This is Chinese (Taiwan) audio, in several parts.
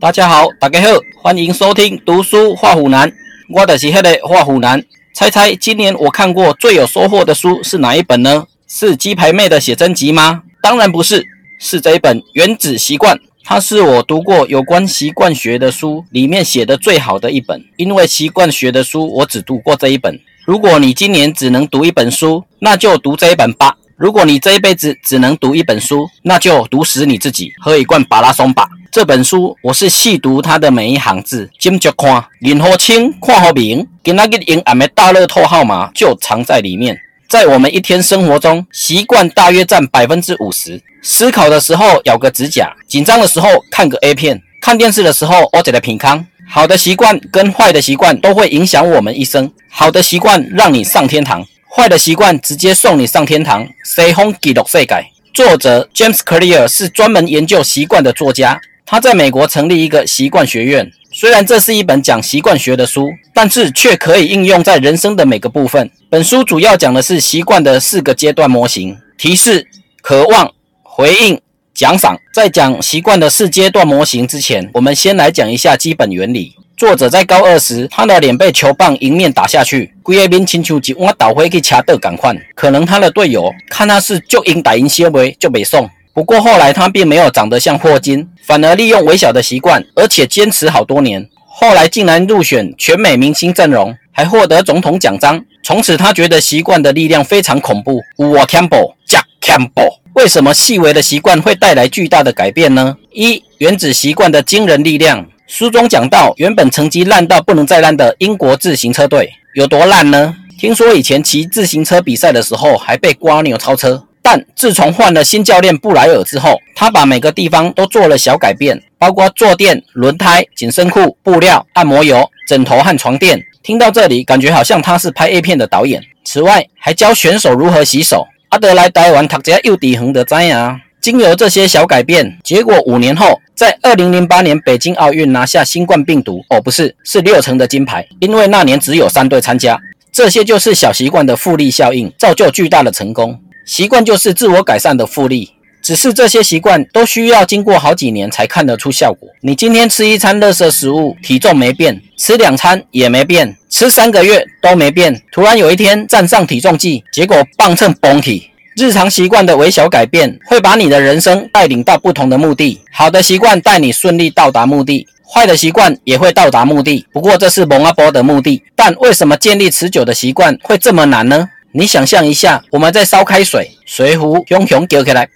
大家好，大家好，歡迎收聽讀書畫虎難。我就是那個畫虎難。猜猜今年我看過最有收穫的書是哪一本呢？是雞排妹的寫真集嗎？當然不是，是這一本《原子習慣》。它是我讀過有關習慣學的書裡面寫的最好的一本。因為習慣學的書我只讀過這一本。如果你今年只能讀一本書，那就讀這一本吧。如果你這一輩子只能讀一本書，那就讀死你自己，喝一罐巴拉松吧。這本書，我是細讀它的每一行字，認真看，看好清，看好明。今仔日用阿咪大樂透號碼就藏在裡面。在我們一天生活中，習慣大約占百分之五十。思考的時候咬個指甲，緊張的時候看個 A 片，看電視的時候或者品康。好的習慣跟壞的習慣都會影響我們一生。好的習慣讓你上天堂，壞的習慣直接送你上天堂。s a 記錄世界作者 James Clear 是專門研究習慣的作家。他在美國成立一個習慣學院。雖然這是一本講習慣學的書，但是卻可以應用在人生的每個部分。本書主要講的是習慣的四個階段模型：提示、渴望、回應、獎賞。在講習慣的四階段模型之前，我們先來講一下基本原理。作者在高二時，他的臉被球棒迎面打下去，規一面請求，一晚倒回去卡的趕快。可能他的隊友看他是就應打贏小梅，就被送。不過後來他並沒有長得像霍金，反而利用微小的習慣，而且堅持好多年，後來竟然入選全美明星陣容，還獲得總統獎章。從此他覺得習慣的力量非常恐怖。What Campbell? Jack Campbell？為什麼細微的習慣會帶來巨大的改變呢？一、原子習慣的驚人力量。書中講到，原本成績爛到不能再爛的英國自行車隊有多爛呢？聽說以前騎自行車比賽的時候還被蝸牛超車。但自從換了新教練布萊爾之後，他把每個地方都做了小改變，包括坐墊、輪胎、緊身褲、布料、按摩油、枕頭和床墊。聽到這裡，感覺好像他是拍 A 片的導演。此外，還教選手如何洗手。阿德萊德玩，他家又迪亨的呆啊。經由這些小改變，結果五年後，在二零零八年北京奧運拿下新冠病毒哦，不是，是六成的金牌，因為那年只有三隊參加。這些就是小習慣的複利效應，造就巨大的成功。習慣就是自我改善的複利，只是這些習慣都需要經過好幾年才看得出效果。你今天吃一餐垃圾食物，體重沒變；吃兩餐也沒變；吃三個月都沒變。突然有一天站上體重計，結果磅秤崩體。日常習慣的微小改變，會把你的人生帶領到不同的目的。好的習慣帶你順利到達目的，壞的習慣也會到達目的，不過這是蒙阿波的目的。但為什麼建立持久的習慣會這麼難呢？你想象一下，我們在燒開水，水壺熊熊叫起來，嗶，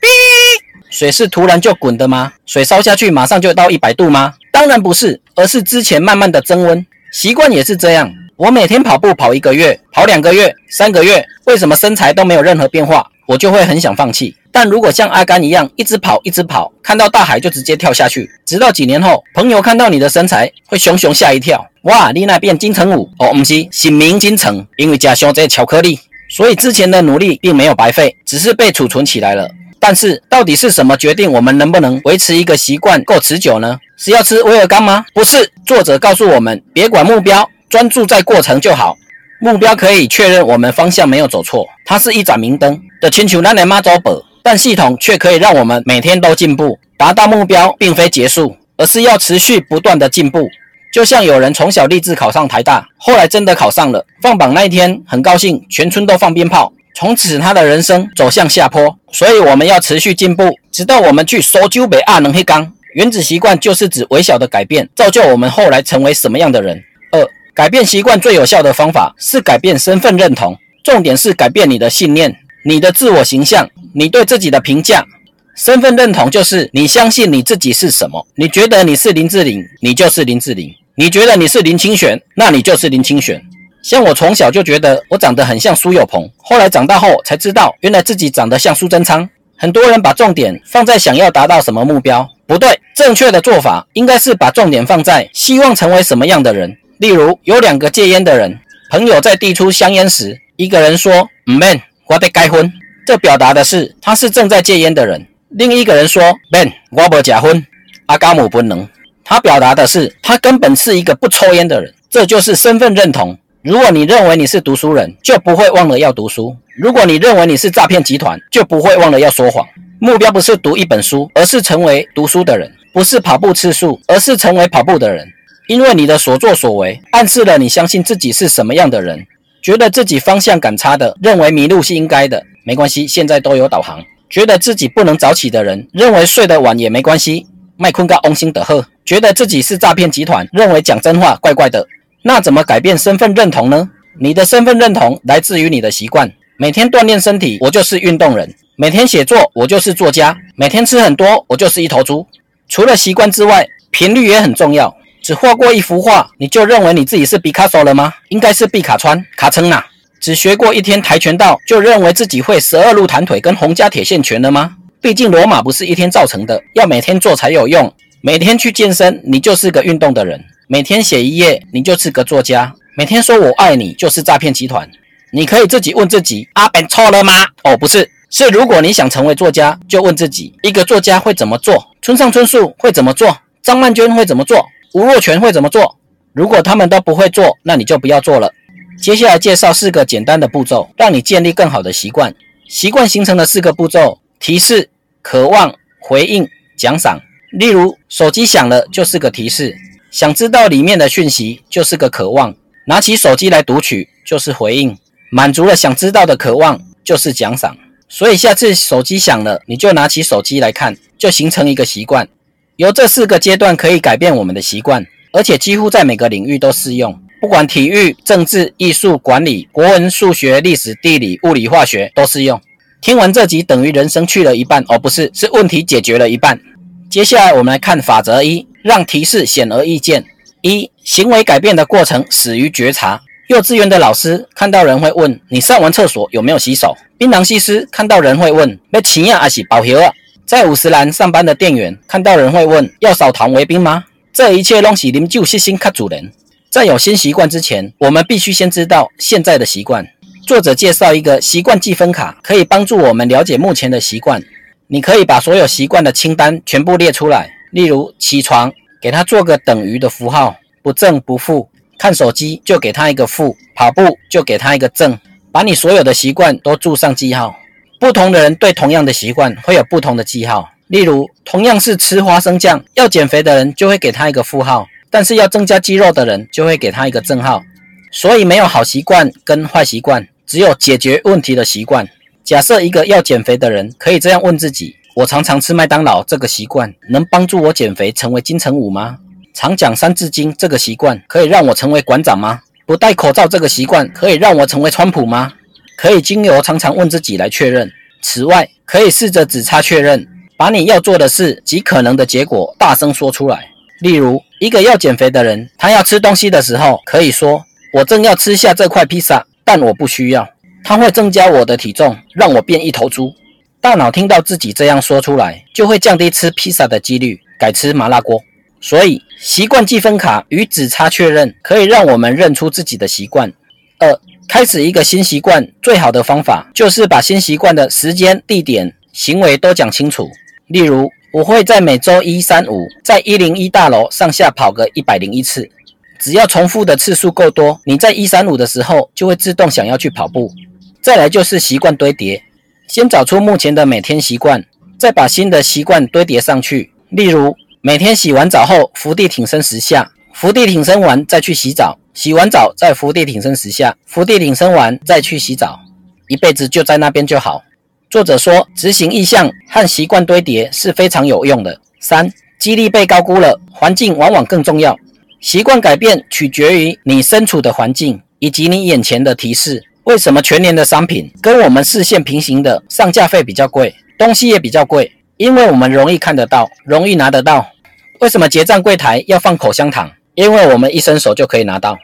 水是突然就滾的嗎？水燒下去馬上就到一百度嗎？當然不是，而是之前慢慢的增溫。習慣也是這樣，我每天跑步跑一個月，跑兩個月，三個月，為什麼身材都沒有任何變化？我就會很想放棄。但如果像阿甘一樣，一直跑，一直跑，看到大海就直接跳下去，直到幾年後，朋友看到你的身材會熊熊嚇一跳，哇，你那變金城武？哦，不是，是明金城，因為家上這巧克力。所以之前的努力並沒有白費，只是被儲存起來了。但是到底是什麼決定我們能不能維持一個習慣夠持久呢？是要吃威而鋼嗎？不是，作者告訴我們，別管目標，專注在過程就好。目標可以確認我們方向沒有走錯，它是一盞明燈的。全球奶奶媽走，但系統卻可以讓我們每天都進步。達到目標並非結束，而是要持續不斷的進步。就像有人從小立志考上台大，後來真的考上了。放榜那一天，很高興，全村都放鞭炮。從此，他的人生走向下坡。所以，我們要持續進步，直到我們去收救北阿能黑鋼。原子習慣就是指微小的改變，造就我們後來成為什麼樣的人。二、改變習慣最有效的方法是改變身份認同，重點是改變你的信念、你的自我形象、你對自己的評價。身份認同就是你相信你自己是什麼，你覺得你是林志玲，你就是林志玲。你覺得你是林清玄，那你就是林清玄。像我從小就覺得我長得很像蘇有朋，後來長大後才知道，原來自己長得像蘇貞昌。很多人把重點放在想要達到什麼目標，不對，正確的做法應該是把重點放在希望成為什麼樣的人。例如，有兩個戒煙的人，朋友在遞出香煙時，一個人說：“Man，我得戒婚”，這表達的是他是正在戒煙的人。另一個人說：“Man，我不戒婚阿家冇不能。”他表達的是，他根本是一個不抽菸的人，這就是身份認同。如果你認為你是讀書人，就不會忘了要讀書；如果你認為你是詐騙集團，就不會忘了要說謊。目標不是讀一本書，而是成為讀書的人；不是跑步次數，而是成為跑步的人。因為你的所作所為，暗示了你相信自己是什麼樣的人。覺得自己方向感差的，認為迷路是應該的，沒關係，現在都有導航。覺得自己不能早起的人，認為睡得晚也沒關係，麥昆個 o 星的鶴。覺得自己是詐騙集團，認為講真話怪怪的，那怎麼改變身份認同呢？你的身份認同來自於你的習慣。每天鍛鍊身體，我就是運動人；每天寫作，我就是作家；每天吃很多，我就是一頭豬。除了習慣之外，頻率也很重要。只畫過一幅畫，你就認為你自己是畢卡索了嗎？應該是畢卡川卡稱吶啊。只學過一天跆拳道，就認為自己會十二路彈腿跟洪家鐵線拳了嗎？畢竟羅馬不是一天造成的，要每天做才有用。每天去健身，你就是個運動的人；每天寫一頁，你就是個作家；每天說我愛你，就是詐騙集團。你可以自己問自己：“阿本錯了嗎？”哦，不是，是如果你想成為作家，就問自己：一個作家會怎麼做？村上春樹會怎麼做？張曼娟會怎麼做？吳若權會怎麼做？如果他們都不會做，那你就不要做了。接下來介紹四個簡單的步驟，讓你建立更好的習慣。習慣形成的四個步驟：提示、渴望、回應、獎賞。例如，手機響了就是個提示，想知道裡面的訊息就是個渴望，拿起手機來讀取就是回應，滿足了想知道的渴望就是獎賞。所以下次手機響了，你就拿起手機來看，就形成一個習慣。由這四個階段可以改變我們的習慣，而且幾乎在每個領域都適用，不管體育、政治、藝術、管理、國文、數學、歷史、地理、物理、化學都適用。聽完這集，等於人生去了一半，而，哦，不是，是問題解決了一半。接下來我們來看法則一，讓提示顯而易見。一，行為改變的過程始於覺察。幼稚園的老師看到人會問：“你上完廁所有沒有洗手？”檳榔西施看到人會問：“要錢啊還是包郵啊？”在五十嵐上班的店員看到人會問：“要掃糖為冰嗎？”這一切東西您就細心看主人。在有新習慣之前，我們必須先知道現在的習慣。作者介紹一個習慣記分卡，可以幫助我們了解目前的習慣。你可以把所有習慣的清單全部列出來，例如起床，給他做個等於的符號，不正不負；看手機就給他一個負，跑步就給他一個正，把你所有的習慣都注上記號。不同的人對同樣的習慣會有不同的記號。例如，同樣是吃花生醬，要減肥的人就會給他一個負號，但是要增加肌肉的人就會給他一個正號。所以，沒有好習慣跟壞習慣，只有解決問題的習慣。.假設一個要減肥的人可以這樣問自己：我常常吃麥當勞這個習慣能幫助我減肥成為金城武嗎？常講《三字經》這個習慣可以讓我成為館長嗎？不戴口罩這個習慣可以讓我成為川普嗎？可以經由常常問自己來確認。此外，可以試着指差確認，把你要做的事及可能的結果大聲說出來。例如，一個要減肥的人，他要吃東西的時候可以說：“我正要吃下這塊披薩，但我不需要。”它會增加我的體重，讓我變一頭豬。大腦聽到自己這樣說出來，就會降低吃披薩的幾率，改吃麻辣鍋。所以，習慣計分卡與指差確認可以讓我們認出自己的習慣。二、開始一個新習慣最好的方法就是把新習慣的時間、地點、行為都講清楚。例如，我會在每週一、三、五，在一零一大樓上下跑個一百零一次。只要重複的次數夠多，你在一三五的時候就會自動想要去跑步。再來就是習慣堆疊，先找出目前的每天習慣，再把新的習慣堆疊上去。例如，每天洗完澡後伏地挺身十下，伏地挺身完再去洗澡；洗完澡再伏地挺身十下，伏地挺身完再去洗澡。一輩子就在那邊就好。作者說，執行意向和習慣堆疊是非常有用的。三，激勵被高估了，環境往往更重要。習慣改變取決於你身處的環境以及你眼前的提示。為什麼全年的商品跟我們視線平行的上架費比較貴，東西也比較貴？因為我們容易看得到，容易拿得到。為什麼結賬櫃檯要放口香糖？因為我們一伸手就可以拿到。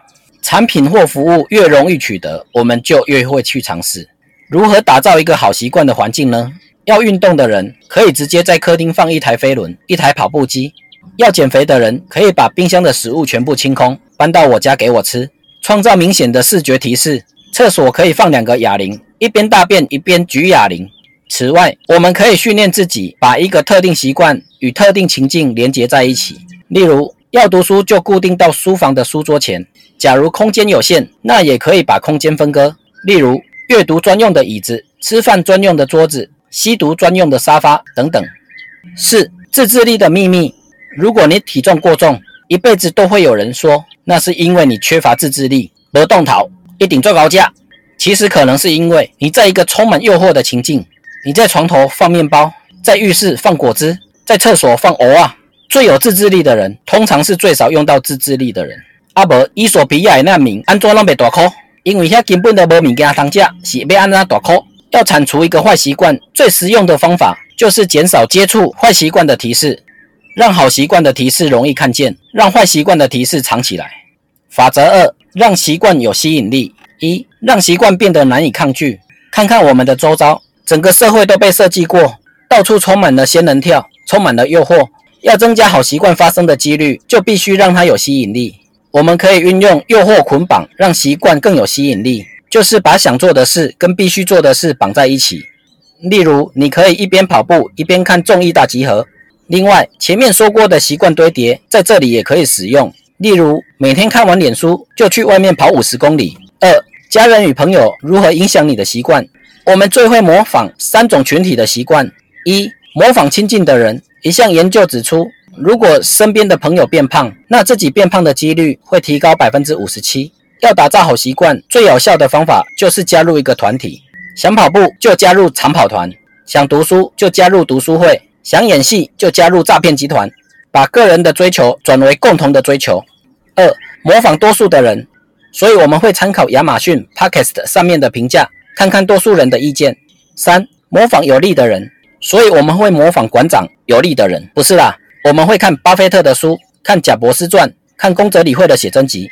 產品或服務越容易取得，我們就越會去嘗試。如何打造一個好習慣的環境呢？要運動的人可以直接在客廳放一台飛輪，一台跑步機。要減肥的人可以把冰箱的食物全部清空，搬到我家給我吃。創造明顯的視覺提示。廁所可以放兩個啞鈴，一邊大便一邊舉啞鈴。此外，我們可以訓練自己，把一個特定習慣與特定情境連接在一起。例如，要讀書就固定到書房的書桌前。假如空間有限，那也可以把空間分割，例如閱讀專用的椅子、吃飯專用的桌子、吸毒專用的沙發等等。四、自制力的秘密。如果你體重過重，一輩子都會有人說，那是因為你缺乏自制力。而動逃。一頂最高價，其實可能是因為你在一個充滿誘惑的情境。你在床頭放麵包，在浴室放果汁，在廁所放鵝啊。最有自制力的人，通常是最少用到自制力的人。阿、啊、伯，伊索比亞難民安怎那麼大哭？因為遐根本都無米給他當家，是安拉大哭。要鏟除一個壞習慣，最實用的方法就是減少接觸壞習慣的提示，讓好習慣的提示容易看見，讓壞習慣的提示藏起來。法則二。讓習慣有吸引力，一、讓習慣變得難以抗拒。看看我們的周遭，整個社會都被設計過，到處充滿了仙人跳，充滿了誘惑。要增加好習慣發生的幾率，就必須讓它有吸引力。我們可以運用誘惑捆綁，讓習慣更有吸引力，就是把想做的事跟必須做的事綁在一起。例如，你可以一邊跑步一邊看《綜藝大集合》。另外，前面說過的習慣堆疊，在這裡也可以使用。例如，每天看完臉書就去外面跑五十公里。二、家人與朋友如何影響你的習慣？我們最會模仿三種群體的習慣：一、模仿親近的人。一項研究指出，如果身邊的朋友變胖，那自己變胖的幾率會提高百分之五十七。要打造好習慣，最有效的方法就是加入一個團體。想跑步就加入長跑團，想讀書就加入讀書會，想演戲就加入詐騙集團。把個人的追求轉為共同的追求。二，模仿多數的人，所以我們會參考亞馬遜 Podcast 上面的評價，看看多數人的意見。三，模仿有力的人，所以我們會模仿館長有力的人。不是啦，我們會看巴菲特的書，看賈伯斯傳，看宮澤理惠的寫真集。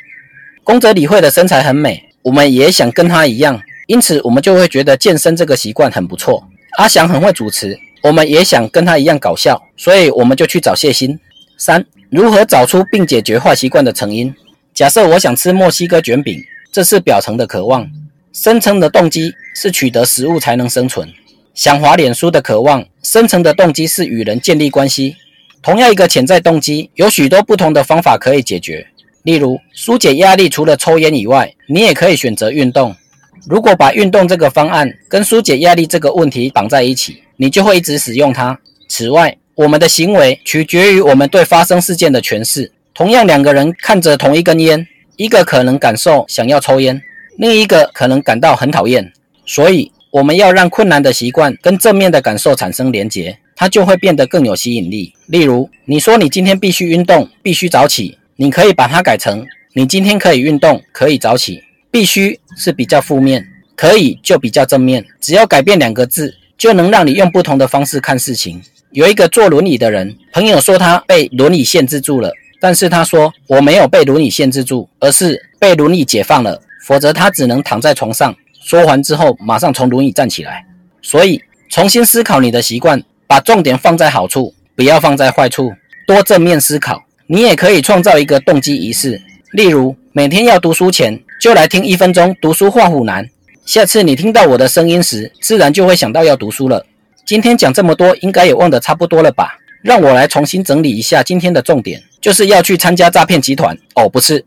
宮澤理惠的身材很美，我們也想跟她一樣，因此我們就會覺得健身這個習慣很不錯。阿翔很會主持，我們也想跟他一樣搞笑，所以我們就去找謝忻。三、如何找出並解決壞習慣的成因？假設我想吃墨西哥捲餅，這是表層的渴望，深層的動機是取得食物才能生存。想滑臉書的渴望，深層的動機是與人建立關係。同樣一個潛在動機，有許多不同的方法可以解決。例如，疏解壓力，除了抽菸以外，你也可以選擇運動。如果把運動這個方案跟疏解壓力這個問題綁在一起，你就會一直使用它。此外，我們的行為取決於我們對發生事件的詮釋。同樣，兩個人看着同一根菸，一個可能感受想要抽菸，另一個可能感到很討厭。所以，我們要讓困難的習慣跟正面的感受產生連結，它就會變得更有吸引力。例如，你說你今天必須運動，必須早起，你可以把它改成你今天可以運動，可以早起。必須是比較負面，可以就比較正面。只要改變兩個字，就能讓你用不同的方式看事情。有一個坐輪椅的人，朋友說他被輪椅限制住了，但是他說，我沒有被輪椅限制住，而是被輪椅解放了。否則他只能躺在床上。說完之後，馬上從輪椅站起來。所以重新思考你的習慣，把重點放在好處，不要放在壞處，多正面思考。你也可以創造一個動機儀式，例如每天要讀書前就來聽一分鐘讀書畫虎難。下次你聽到我的聲音時，自然就會想到要讀書了。今天講這麼多，應該也忘得差不多了吧？讓我來重新整理一下今天的重點，就是要去參加詐騙集團哦，不是。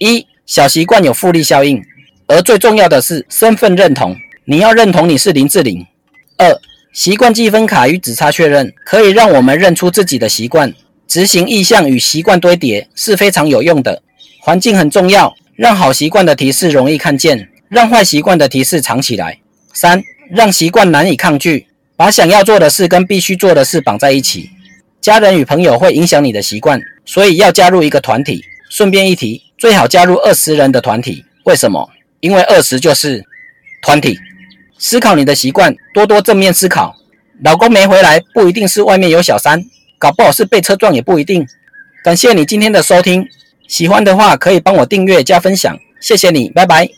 一、小習慣有複利效應，而最重要的是身份認同，你要認同你是林志玲。二、習慣記分卡與指差確認，可以讓我們認出自己的習慣。執行意向與習慣堆疊是非常有用的。環境很重要，讓好習慣的提示容易看見，讓壞習慣的提示藏起來。三、讓習慣難以抗拒。把想要做的事跟必須做的事綁在一起，家人與朋友會影響你的習慣，所以要加入一個團體。順便一提，最好加入二十人的團體。為什麼？因為二十就是團體。思考你的習慣，多多正面思考。老公沒回來，不一定是外面有小三，搞不好是被車撞也不一定。感謝你今天的收聽，喜歡的話可以幫我訂閱加分享，謝謝你，拜拜。